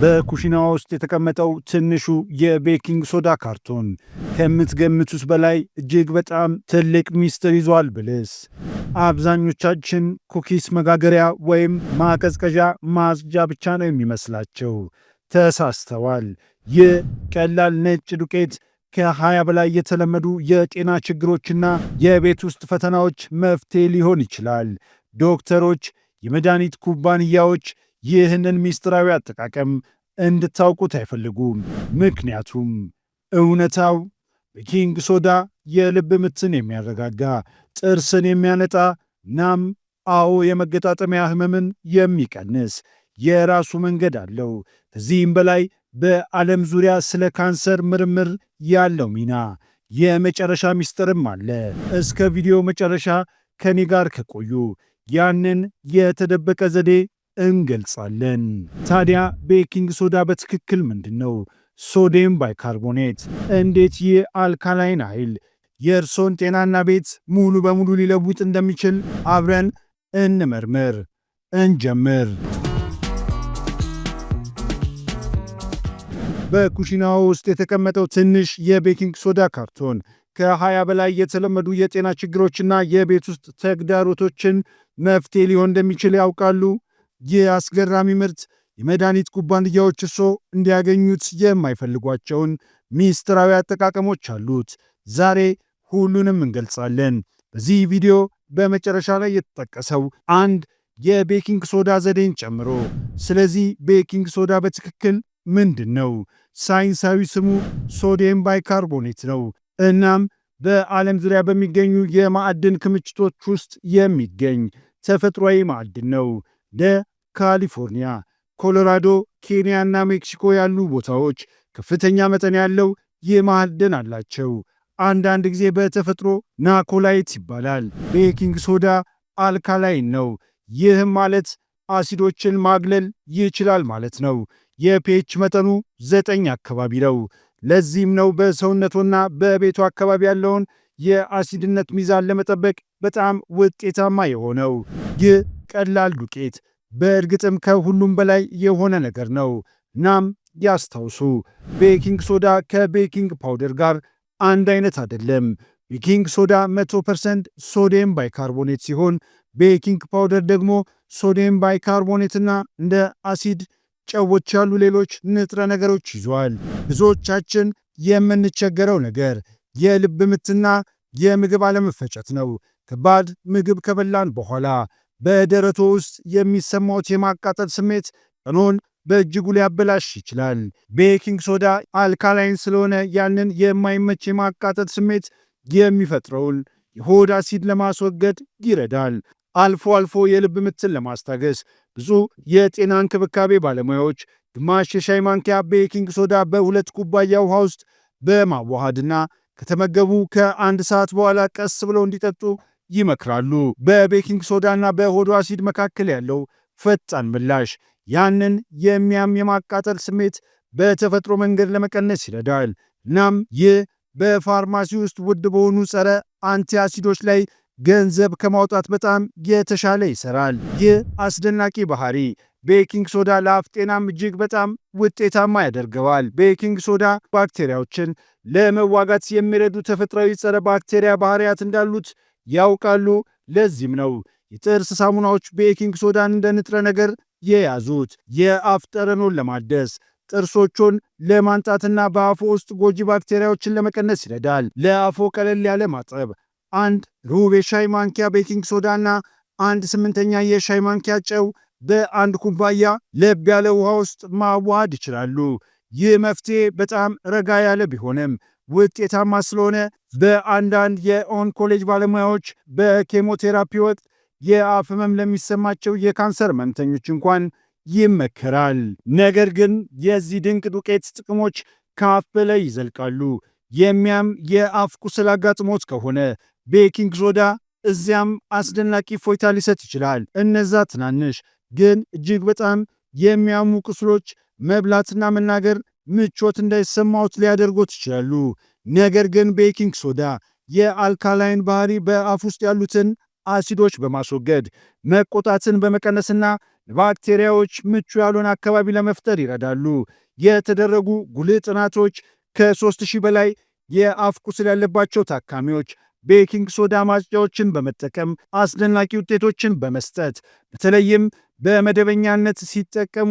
በኩሽና ውስጥ የተቀመጠው ትንሹ የቤኪንግ ሶዳ ካርቶን ከምትገምቱት በላይ እጅግ በጣም ትልቅ ሚስጥር ይዟል። ብልስ አብዛኞቻችን ኩኪስ መጋገሪያ ወይም ማቀዝቀዣ ማጽጃ ብቻ ነው የሚመስላቸው። ተሳስተዋል። ይህ ቀላል ነጭ ዱቄት ከ20 በላይ የተለመዱ የጤና ችግሮችና የቤት ውስጥ ፈተናዎች መፍትሄ ሊሆን ይችላል። ዶክተሮች፣ የመድኃኒት ኩባንያዎች ይህንን ምስጢራዊ አጠቃቀም እንድታውቁት አይፈልጉም። ምክንያቱም እውነታው ቤኪንግ ሶዳ የልብ ምትን የሚያረጋጋ፣ ጥርስን የሚያነጣ ናም አዎ የመገጣጠሚያ ህመምን የሚቀንስ የራሱ መንገድ አለው። ከዚህም በላይ በዓለም ዙሪያ ስለ ካንሰር ምርምር ያለው ሚና የመጨረሻ ምስጢርም አለ። እስከ ቪዲዮ መጨረሻ ከኔ ጋር ከቆዩ ያንን የተደበቀ ዘዴ እንገልጻለን። ታዲያ ቤኪንግ ሶዳ በትክክል ምንድን ነው? ሶዲየም ባይካርቦኔት። እንዴት ይህ አልካላይን ኃይል የእርሶን ጤናና ቤት ሙሉ በሙሉ ሊለውጥ እንደሚችል አብረን እንመርምር። እንጀምር። በኩሽናው ውስጥ የተቀመጠው ትንሽ የቤኪንግ ሶዳ ካርቶን ከ20 በላይ የተለመዱ የጤና ችግሮችና የቤት ውስጥ ተግዳሮቶችን መፍትሄ ሊሆን እንደሚችል ያውቃሉ? ይህ አስገራሚ ምርት የመድኃኒት ኩባንያዎች እርስዎ እንዲያገኙት የማይፈልጓቸውን ሚስጥራዊ አጠቃቀሞች አሉት። ዛሬ ሁሉንም እንገልጻለን። በዚህ ቪዲዮ በመጨረሻ ላይ የተጠቀሰው አንድ የቤኪንግ ሶዳ ዘዴን ጨምሮ። ስለዚህ ቤኪንግ ሶዳ በትክክል ምንድን ነው? ሳይንሳዊ ስሙ ሶዲየም ባይካርቦኔት ነው። እናም በዓለም ዙሪያ በሚገኙ የማዕድን ክምችቶች ውስጥ የሚገኝ ተፈጥሯዊ ማዕድን ነው። ለካሊፎርኒያ፣ ኮሎራዶ፣ ኬንያና ሜክሲኮ ያሉ ቦታዎች ከፍተኛ መጠን ያለው የማዕድን አላቸው። አንዳንድ ጊዜ በተፈጥሮ ናኮላይት ይባላል። ቤኪንግ ሶዳ አልካላይን ነው፣ ይህም ማለት አሲዶችን ማግለል ይችላል ማለት ነው። የፒኤች መጠኑ ዘጠኝ አካባቢ ነው። ለዚህም ነው በሰውነቶና በቤቱ አካባቢ ያለውን የአሲድነት ሚዛን ለመጠበቅ በጣም ውጤታማ የሆነው። ይህ ቀላል ዱቄት በእርግጥም ከሁሉም በላይ የሆነ ነገር ነው። እናም ያስታውሱ፣ ቤኪንግ ሶዳ ከቤኪንግ ፓውደር ጋር አንድ አይነት አይደለም። ቤኪንግ ሶዳ 100% ሶዲየም ባይካርቦኔት ሲሆን ቤኪንግ ፓውደር ደግሞ ሶዲየም ባይካርቦኔትና እንደ አሲድ፣ ጨዎች ያሉ ሌሎች ንጥረ ነገሮች ይዟል። ብዙዎቻችን የምንቸገረው ነገር የልብ ምትና የምግብ አለመፈጨት ነው። ከባድ ምግብ ከበላን በኋላ በደረቶ ውስጥ የሚሰማዎት የማቃጠል ስሜት ቀኖን በእጅጉ ሊያበላሽ ይችላል። ቤኪንግ ሶዳ አልካላይን ስለሆነ ያንን የማይመች የማቃጠል ስሜት የሚፈጥረውን የሆድ አሲድ ለማስወገድ ይረዳል። አልፎ አልፎ የልብ ምትን ለማስታገስ ብዙ የጤና እንክብካቤ ባለሙያዎች ግማሽ የሻይ ማንኪያ ቤኪንግ ሶዳ በሁለት ኩባያ ውሃ ውስጥ በማዋሃድና ከተመገቡ ከአንድ ሰዓት በኋላ ቀስ ብለው እንዲጠጡ ይመክራሉ። በቤኪንግ ሶዳና በሆዶ አሲድ መካከል ያለው ፈጣን ምላሽ ያንን የሚያም የማቃጠል ስሜት በተፈጥሮ መንገድ ለመቀነስ ይረዳል። እናም ይህ በፋርማሲ ውስጥ ውድ በሆኑ ጸረ አንቲ አሲዶች ላይ ገንዘብ ከማውጣት በጣም የተሻለ ይሰራል። ይህ አስደናቂ ባህሪ ቤኪንግ ሶዳ ለአፍ ጤናም እጅግ በጣም ውጤታማ ያደርገዋል። ቤኪንግ ሶዳ ባክቴሪያዎችን ለመዋጋት የሚረዱ ተፈጥሯዊ ጸረ ባክቴሪያ ባህሪያት እንዳሉት ያውቃሉ። ለዚህም ነው የጥርስ ሳሙናዎች ቤኪንግ ሶዳን እንደ ንጥረ ነገር የያዙት። የአፍ ጠረኖን ለማደስ ጥርሶቹን ለማንጣትና በአፎ ውስጥ ጎጂ ባክቴሪያዎችን ለመቀነስ ይረዳል። ለአፎ ቀለል ያለ ማጠብ አንድ ሩብ የሻይ ማንኪያ ቤኪንግ ሶዳና አንድ ስምንተኛ የሻይ ማንኪያ ጨው በአንድ ኩባያ ለብ ያለ ውሃ ውስጥ ማዋሃድ ይችላሉ። ይህ መፍትሄ በጣም ረጋ ያለ ቢሆንም ውጤታማ ስለሆነ በአንዳንድ የኦን ኮሌጅ ባለሙያዎች በኬሞቴራፒ ወቅት የአፍ ህመም ለሚሰማቸው የካንሰር ህመምተኞች እንኳን ይመከራል። ነገር ግን የዚህ ድንቅ ዱቄት ጥቅሞች ከአፍ በላይ ይዘልቃሉ። የሚያም የአፍ ቁስል አጋጥሞት ከሆነ ቤኪንግ ሶዳ እዚያም አስደናቂ ፎይታ ሊሰጥ ይችላል። እነዛ ትናንሽ ግን እጅግ በጣም የሚያሙ ቁስሎች መብላትና መናገር ምቾት እንዳይሰማዎት ሊያደርጎት ይችላሉ። ነገር ግን ቤኪንግ ሶዳ የአልካላይን ባህሪ በአፍ ውስጥ ያሉትን አሲዶች በማስወገድ መቆጣትን በመቀነስና ለባክቴሪያዎች ምቹ ያልሆነ አካባቢ ለመፍጠር ይረዳሉ። የተደረጉ ጉልህ ጥናቶች ከ3000 በላይ የአፍ ቁስል ያለባቸው ታካሚዎች ቤኪንግ ሶዳ ማጽጃዎችን በመጠቀም አስደናቂ ውጤቶችን በመስጠት በተለይም በመደበኛነት ሲጠቀሙ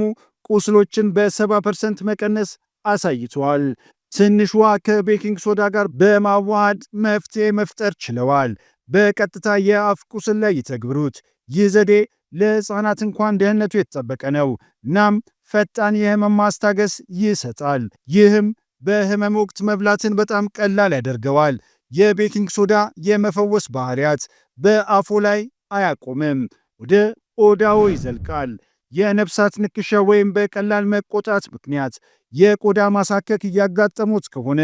ቁስሎችን በ70 ፐርሰንት መቀነስ አሳይተዋል። ውሃ ከቤኪንግ ሶዳ ጋር በማዋሃድ መፍትሄ መፍጠር ችለዋል። በቀጥታ የአፍ ቁስል ላይ ይተግብሩት። ይህ ዘዴ ለሕፃናት እንኳን ደህንነቱ የተጠበቀ ነው። እናም ፈጣን የህመም ማስታገስ ይሰጣል። ይህም በህመም ወቅት መብላትን በጣም ቀላል ያደርገዋል። የቤኪንግ ሶዳ የመፈወስ ባህሪያት በአፎ ላይ አያቆምም፣ ወደ ኦዳዎ ይዘልቃል። የነፍሳት ንክሻ ወይም በቀላል መቆጣት ምክንያት የቆዳ ማሳከክ እያጋጠሙት ከሆነ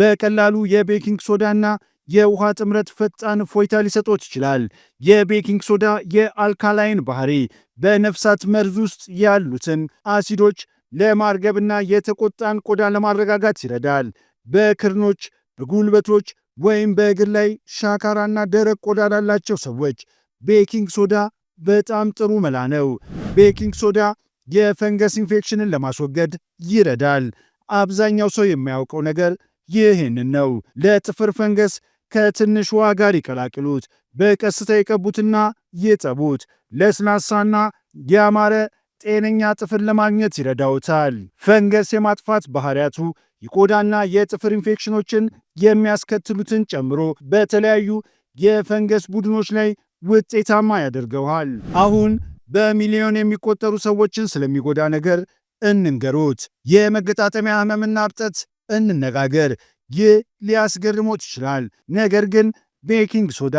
በቀላሉ የቤኪንግ ሶዳና የውሃ ጥምረት ፈጣን እፎይታ ሊሰጦት ይችላል። የቤኪንግ ሶዳ የአልካላይን ባህሪ በነፍሳት መርዝ ውስጥ ያሉትን አሲዶች ለማርገብና የተቆጣን ቆዳ ለማረጋጋት ይረዳል። በክርኖች፣ በጉልበቶች ወይም በእግር ላይ ሻካራና ደረቅ ቆዳ ላላቸው ሰዎች ቤኪንግ ሶዳ በጣም ጥሩ መላ ነው። ቤኪንግ ሶዳ የፈንገስ ኢንፌክሽንን ለማስወገድ ይረዳል። አብዛኛው ሰው የሚያውቀው ነገር ይህንን ነው። ለጥፍር ፈንገስ ከትንሽ ውሃ ጋር ይቀላቅሉት፣ በቀስታ የቀቡትና ይጠቡት። ለስላሳና ያማረ ጤነኛ ጥፍር ለማግኘት ይረዳውታል። ፈንገስ የማጥፋት ባህሪያቱ የቆዳና የጥፍር ኢንፌክሽኖችን የሚያስከትሉትን ጨምሮ በተለያዩ የፈንገስ ቡድኖች ላይ ውጤታማ ያደርገዋል። አሁን በሚሊዮን የሚቆጠሩ ሰዎችን ስለሚጎዳ ነገር እንንገሩት። የመገጣጠሚያ ህመምና እብጠት እንነጋገር። ይህ ሊያስገርሞት ይችላል፣ ነገር ግን ቤኪንግ ሶዳ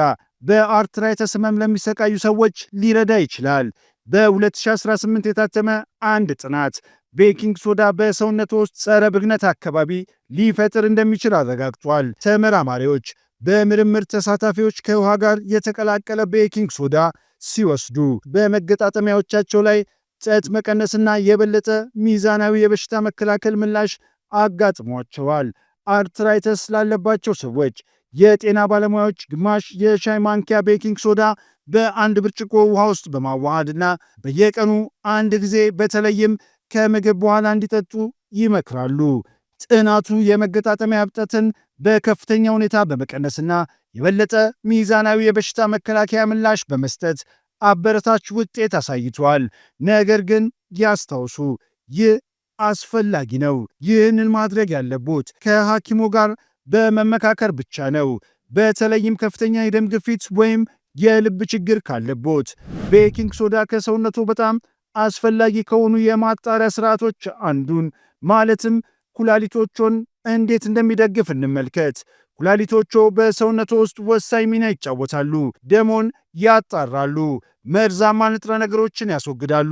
በአርትራይተስ ህመም ለሚሰቃዩ ሰዎች ሊረዳ ይችላል። በ2018 የታተመ አንድ ጥናት ቤኪንግ ሶዳ በሰውነት ውስጥ ጸረ ብግነት አካባቢ ሊፈጥር እንደሚችል አረጋግጧል። ተመራማሪዎች በምርምር ተሳታፊዎች ከውሃ ጋር የተቀላቀለ ቤኪንግ ሶዳ ሲወስዱ በመገጣጠሚያዎቻቸው ላይ ጸጥ መቀነስና የበለጠ ሚዛናዊ የበሽታ መከላከል ምላሽ አጋጥሟቸዋል። አርትራይተስ ላለባቸው ሰዎች የጤና ባለሙያዎች ግማሽ የሻይ ማንኪያ ቤኪንግ ሶዳ በአንድ ብርጭቆ ውሃ ውስጥ በማዋሃድና በየቀኑ አንድ ጊዜ በተለይም ከምግብ በኋላ እንዲጠጡ ይመክራሉ። ጥናቱ የመገጣጠሚያ እብጠትን በከፍተኛ ሁኔታ በመቀነስና የበለጠ ሚዛናዊ የበሽታ መከላከያ ምላሽ በመስጠት አበረታች ውጤት አሳይቷል። ነገር ግን ያስታውሱ፣ ይህ አስፈላጊ ነው። ይህንን ማድረግ ያለቦት ከሐኪሞ ጋር በመመካከር ብቻ ነው። በተለይም ከፍተኛ የደም ግፊት ወይም የልብ ችግር ካለቦት። ቤኪንግ ሶዳ ከሰውነቱ በጣም አስፈላጊ ከሆኑ የማጣሪያ ስርዓቶች አንዱን ማለትም ኩላሊቶቹን እንዴት እንደሚደግፍ እንመልከት። ኩላሊቶቹ በሰውነቱ ውስጥ ወሳኝ ሚና ይጫወታሉ። ደሞን ያጣራሉ፣ መርዛማ ንጥረ ነገሮችን ያስወግዳሉ፣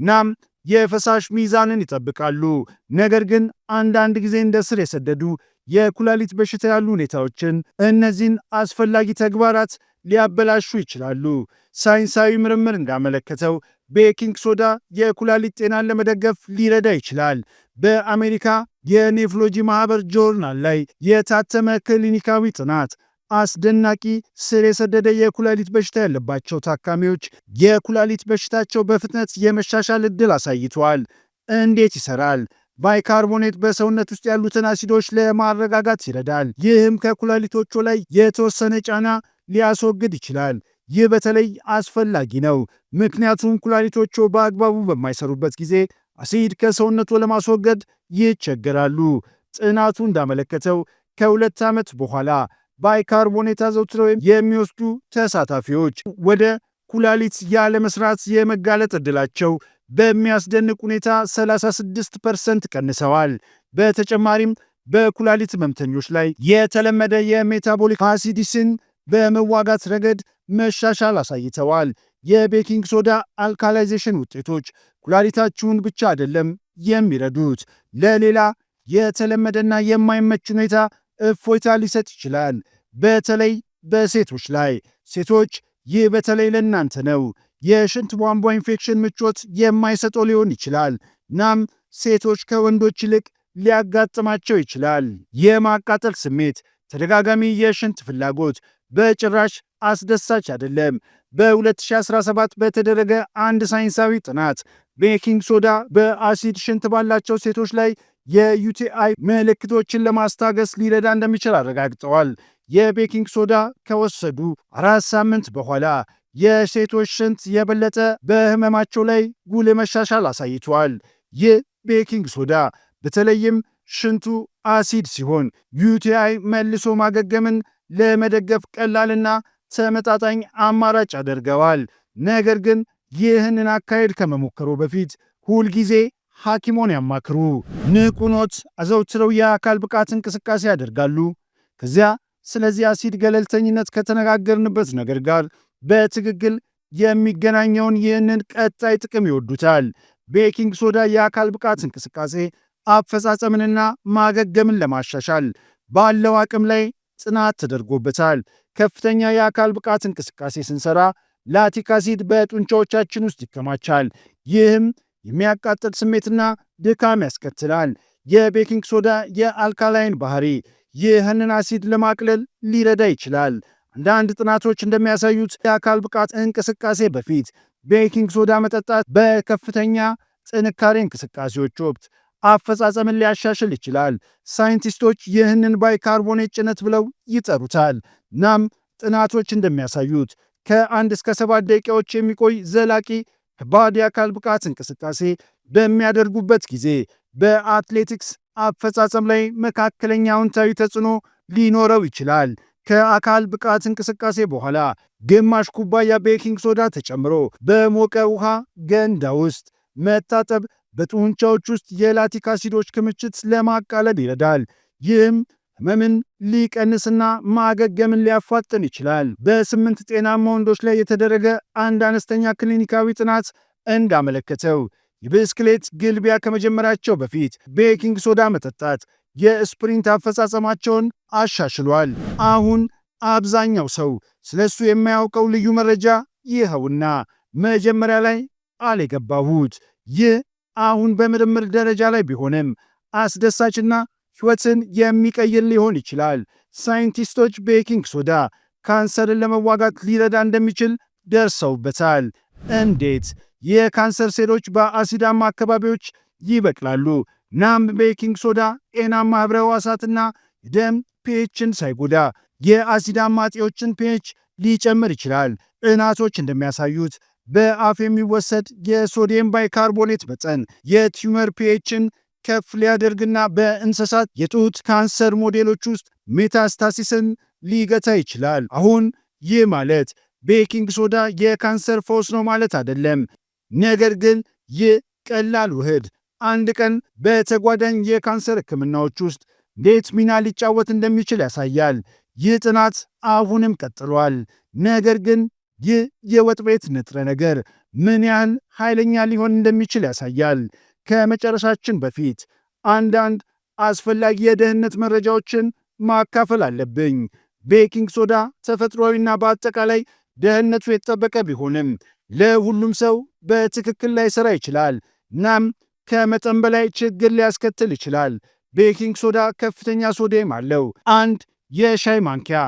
እናም የፈሳሽ ሚዛንን ይጠብቃሉ። ነገር ግን አንዳንድ ጊዜ እንደ ስር የሰደዱ የኩላሊት በሽታ ያሉ ሁኔታዎችን እነዚህን አስፈላጊ ተግባራት ሊያበላሹ ይችላሉ። ሳይንሳዊ ምርምር እንዳመለከተው ቤኪንግ ሶዳ የኩላሊት ጤናን ለመደገፍ ሊረዳ ይችላል። በአሜሪካ የኔፍሎጂ ማህበር ጆርናል ላይ የታተመ ክሊኒካዊ ጥናት አስደናቂ ስር የሰደደ የኩላሊት በሽታ ያለባቸው ታካሚዎች የኩላሊት በሽታቸው በፍጥነት የመሻሻል እድል አሳይተዋል። እንዴት ይሰራል? ባይካርቦኔት በሰውነት ውስጥ ያሉትን አሲዶች ለማረጋጋት ይረዳል። ይህም ከኩላሊቶቹ ላይ የተወሰነ ጫና ሊያስወግድ ይችላል። ይህ በተለይ አስፈላጊ ነው ምክንያቱም ኩላሊቶቹ በአግባቡ በማይሰሩበት ጊዜ አሲድ ከሰውነቱ ለማስወገድ ይቸገራሉ። ጥናቱ እንዳመለከተው ከሁለት ዓመት በኋላ ባይካርቦኔት አዘውትረው የሚወስዱ ተሳታፊዎች ወደ ኩላሊት ያለመስራት የመጋለጥ ዕድላቸው በሚያስደንቅ ሁኔታ 36 ፐርሰንት ቀንሰዋል። በተጨማሪም በኩላሊት ህመምተኞች ላይ የተለመደ የሜታቦሊክ አሲዲስን በመዋጋት ረገድ መሻሻል አሳይተዋል። የቤኪንግ ሶዳ አልካላይዜሽን ውጤቶች ኩላሊታችሁን ብቻ አይደለም የሚረዱት፣ ለሌላ የተለመደና የማይመች ሁኔታ እፎይታ ሊሰጥ ይችላል። በተለይ በሴቶች ላይ ሴቶች ይህ በተለይ ለእናንተ ነው። የሽንት ቧንቧ ኢንፌክሽን ምቾት የማይሰጠው ሊሆን ይችላል። እናም ሴቶች ከወንዶች ይልቅ ሊያጋጥማቸው ይችላል። የማቃጠል ስሜት፣ ተደጋጋሚ የሽንት ፍላጎት፣ በጭራሽ አስደሳች አይደለም። በ2017 በተደረገ አንድ ሳይንሳዊ ጥናት ቤኪንግ ሶዳ በአሲድ ሽንት ባላቸው ሴቶች ላይ የዩቲአይ ምልክቶችን ለማስታገስ ሊረዳ እንደሚችል አረጋግጠዋል። የቤኪንግ ሶዳ ከወሰዱ አራት ሳምንት በኋላ የሴቶች ሽንት የበለጠ በህመማቸው ላይ ጉልህ መሻሻል አሳይተዋል። ይህ ቤኪንግ ሶዳ በተለይም ሽንቱ አሲድ ሲሆን ዩቲአይ መልሶ ማገገምን ለመደገፍ ቀላልና ተመጣጣኝ አማራጭ ያደርገዋል። ነገር ግን ይህንን አካሄድ ከመሞከሩ በፊት ሁልጊዜ ሐኪሞን ያማክሩ። ንቁኖት አዘውትረው የአካል ብቃት እንቅስቃሴ ያደርጋሉ። ከዚያ ስለዚህ አሲድ ገለልተኝነት ከተነጋገርንበት ነገር ጋር በትክክል የሚገናኘውን ይህንን ቀጣይ ጥቅም ይወዱታል። ቤኪንግ ሶዳ የአካል ብቃት እንቅስቃሴ አፈጻጸምንና ማገገምን ለማሻሻል ባለው አቅም ላይ ጥናት ተደርጎበታል። ከፍተኛ የአካል ብቃት እንቅስቃሴ ስንሰራ ላቲክ አሲድ በጡንቻዎቻችን ውስጥ ይከማቻል። ይህም የሚያቃጥል ስሜትና ድካም ያስከትላል። የቤኪንግ ሶዳ የአልካላይን ባህሪ ይህንን አሲድ ለማቅለል ሊረዳ ይችላል። አንዳንድ ጥናቶች እንደሚያሳዩት የአካል ብቃት እንቅስቃሴ በፊት ቤኪንግ ሶዳ መጠጣት በከፍተኛ ጥንካሬ እንቅስቃሴዎች ወቅት አፈጻጸምን ሊያሻሽል ይችላል። ሳይንቲስቶች ይህንን ባይካርቦኔት ጭነት ብለው ይጠሩታል። ናም ጥናቶች እንደሚያሳዩት ከአንድ እስከ ሰባት ደቂቃዎች የሚቆይ ዘላቂ ከባድ የአካል ብቃት እንቅስቃሴ በሚያደርጉበት ጊዜ በአትሌቲክስ አፈጻጸም ላይ መካከለኛ አውንታዊ ተጽዕኖ ሊኖረው ይችላል። ከአካል ብቃት እንቅስቃሴ በኋላ ግማሽ ኩባያ ቤኪንግ ሶዳ ተጨምሮ በሞቀ ውሃ ገንዳ ውስጥ መታጠብ በጡንቻዎች ውስጥ የላቲክ አሲዶች ክምችት ለማቃለል ይረዳል። ይህም ህመምን ሊቀንስና ማገገምን ሊያፋጥን ይችላል። በስምንት ጤናማ ወንዶች ላይ የተደረገ አንድ አነስተኛ ክሊኒካዊ ጥናት እንዳመለከተው የብስክሌት ግልቢያ ከመጀመራቸው በፊት ቤኪንግ ሶዳ መጠጣት የስፕሪንት አፈጻጸማቸውን አሻሽሏል። አሁን አብዛኛው ሰው ስለሱ የሚያውቀው ልዩ መረጃ ይኸውና መጀመሪያ ላይ አልገባሁት። ይህ አሁን በምርምር ደረጃ ላይ ቢሆንም አስደሳችና ሕይወትን የሚቀይር ሊሆን ይችላል። ሳይንቲስቶች ቤኪንግ ሶዳ ካንሰርን ለመዋጋት ሊረዳ እንደሚችል ደርሰውበታል። እንዴት? የካንሰር ሴሎች በአሲዳማ አካባቢዎች ይበቅላሉ። ናም ቤኪንግ ሶዳ ጤናማ ህብረ ሕዋሳትና ደም ፒኤችን ሳይጎዳ የአሲዳማ እጢዎችን ፒኤች ሊጨምር ይችላል። ጥናቶች እንደሚያሳዩት በአፍ የሚወሰድ የሶዲየም ባይካርቦኔት መጠን የቲዩመር ፒኤችን ከፍ ሊያደርግና በእንስሳት የጡት ካንሰር ሞዴሎች ውስጥ ሜታስታሲስን ሊገታ ይችላል። አሁን ይህ ማለት ቤኪንግ ሶዳ የካንሰር ፈውስ ነው ማለት አይደለም። ነገር ግን ይህ ቀላል ውህድ አንድ ቀን በተጓዳኝ የካንሰር ሕክምናዎች ውስጥ እንዴት ሚና ሊጫወት እንደሚችል ያሳያል። ይህ ጥናት አሁንም ቀጥሏል፣ ነገር ግን ይህ የወጥ ቤት ንጥረ ነገር ምን ያህል ኃይለኛ ሊሆን እንደሚችል ያሳያል። ከመጨረሻችን በፊት አንዳንድ አስፈላጊ የደህንነት መረጃዎችን ማካፈል አለብኝ። ቤኪንግ ሶዳ ተፈጥሯዊና በአጠቃላይ ደህንነቱ የተጠበቀ ቢሆንም ለሁሉም ሰው በትክክል ላይ ሥራ ይችላል፣ እናም ከመጠን በላይ ችግር ሊያስከትል ይችላል። ቤኪንግ ሶዳ ከፍተኛ ሶዴም አለው፣ አንድ የሻይ ማንኪያ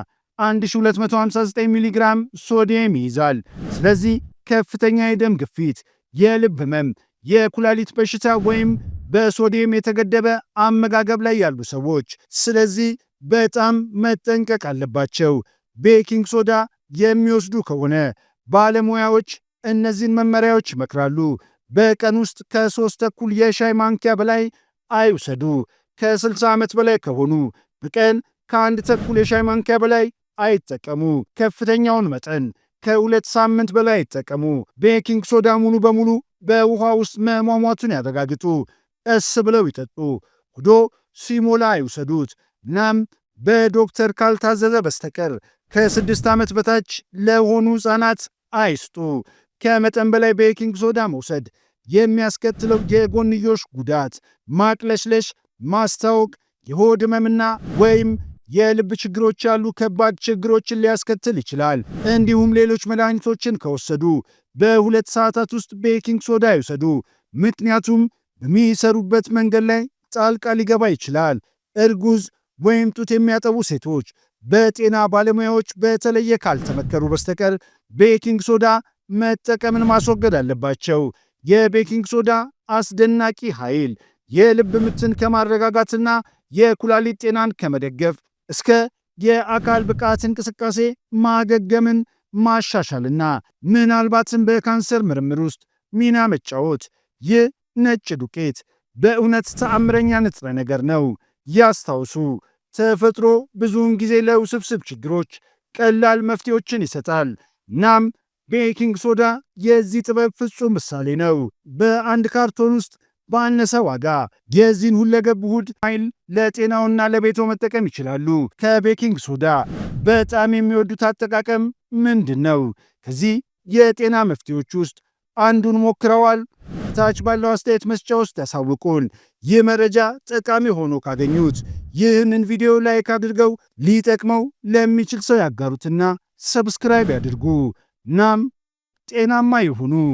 1259 ሚሊግራም ሶዲየም ይይዛል። ስለዚህ ከፍተኛ የደም ግፊት፣ የልብ ህመም፣ የኩላሊት በሽታ ወይም በሶዲየም የተገደበ አመጋገብ ላይ ያሉ ሰዎች ስለዚህ በጣም መጠንቀቅ አለባቸው። ቤኪንግ ሶዳ የሚወስዱ ከሆነ ባለሙያዎች እነዚህን መመሪያዎች ይመክራሉ። በቀን ውስጥ ከሶስት ተኩል የሻይ ማንኪያ በላይ አይውሰዱ። ከ60 ዓመት በላይ ከሆኑ በቀን ከአንድ ተኩል የሻይ ማንኪያ በላይ አይጠቀሙ። ከፍተኛውን መጠን ከሁለት ሳምንት በላይ አይጠቀሙ። ቤኪንግ ሶዳ ሙሉ በሙሉ በውሃ ውስጥ መሟሟቱን ያረጋግጡ። ቀስ ብለው ይጠጡ። ሆዶ ሲሞላ ይውሰዱት። እናም በዶክተር ካልታዘዘ በስተቀር ከስድስት ዓመት በታች ለሆኑ ሕፃናት አይስጡ። ከመጠን በላይ ቤኪንግ ሶዳ መውሰድ የሚያስከትለው የጎንዮሽ ጉዳት ማቅለሽለሽ፣ ማስታወክ፣ የሆድ ህመምና ወይም የልብ ችግሮች ያሉ ከባድ ችግሮችን ሊያስከትል ይችላል። እንዲሁም ሌሎች መድኃኒቶችን ከወሰዱ በሁለት ሰዓታት ውስጥ ቤኪንግ ሶዳ ይውሰዱ፣ ምክንያቱም በሚሰሩበት መንገድ ላይ ጣልቃ ሊገባ ይችላል። እርጉዝ ወይም ጡት የሚያጠቡ ሴቶች በጤና ባለሙያዎች በተለየ ካልተመከሩ በስተቀር ቤኪንግ ሶዳ መጠቀምን ማስወገድ አለባቸው። የቤኪንግ ሶዳ አስደናቂ ኃይል የልብ ምትን ከማረጋጋትና የኩላሊት ጤናን ከመደገፍ እስከ የአካል ብቃት እንቅስቃሴ ማገገምን ማሻሻልና ምናልባትም በካንሰር ምርምር ውስጥ ሚና መጫወት። ይህ ነጭ ዱቄት በእውነት ተአምረኛ ንጥረ ነገር ነው። ያስታውሱ፣ ተፈጥሮ ብዙውን ጊዜ ለውስብስብ ችግሮች ቀላል መፍትሄዎችን ይሰጣል። እናም ቤኪንግ ሶዳ የዚህ ጥበብ ፍጹም ምሳሌ ነው። በአንድ ካርቶን ውስጥ ባነሰ ዋጋ የዚህን ሁለገብ ውህድ ኃይል ለጤናውና ለቤቶ መጠቀም ይችላሉ። ከቤኪንግ ሶዳ በጣም የሚወዱት አጠቃቀም ምንድን ነው? ከዚህ የጤና መፍትሄዎች ውስጥ አንዱን ሞክረዋል? ታች ባለው አስተያየት መስጫ ውስጥ ያሳውቁን። ይህ መረጃ ጠቃሚ ሆኖ ካገኙት ይህንን ቪዲዮ ላይክ አድርገው ሊጠቅመው ለሚችል ሰው ያጋሩትና ሰብስክራይብ ያድርጉ። እናም ጤናማ ይሁኑ።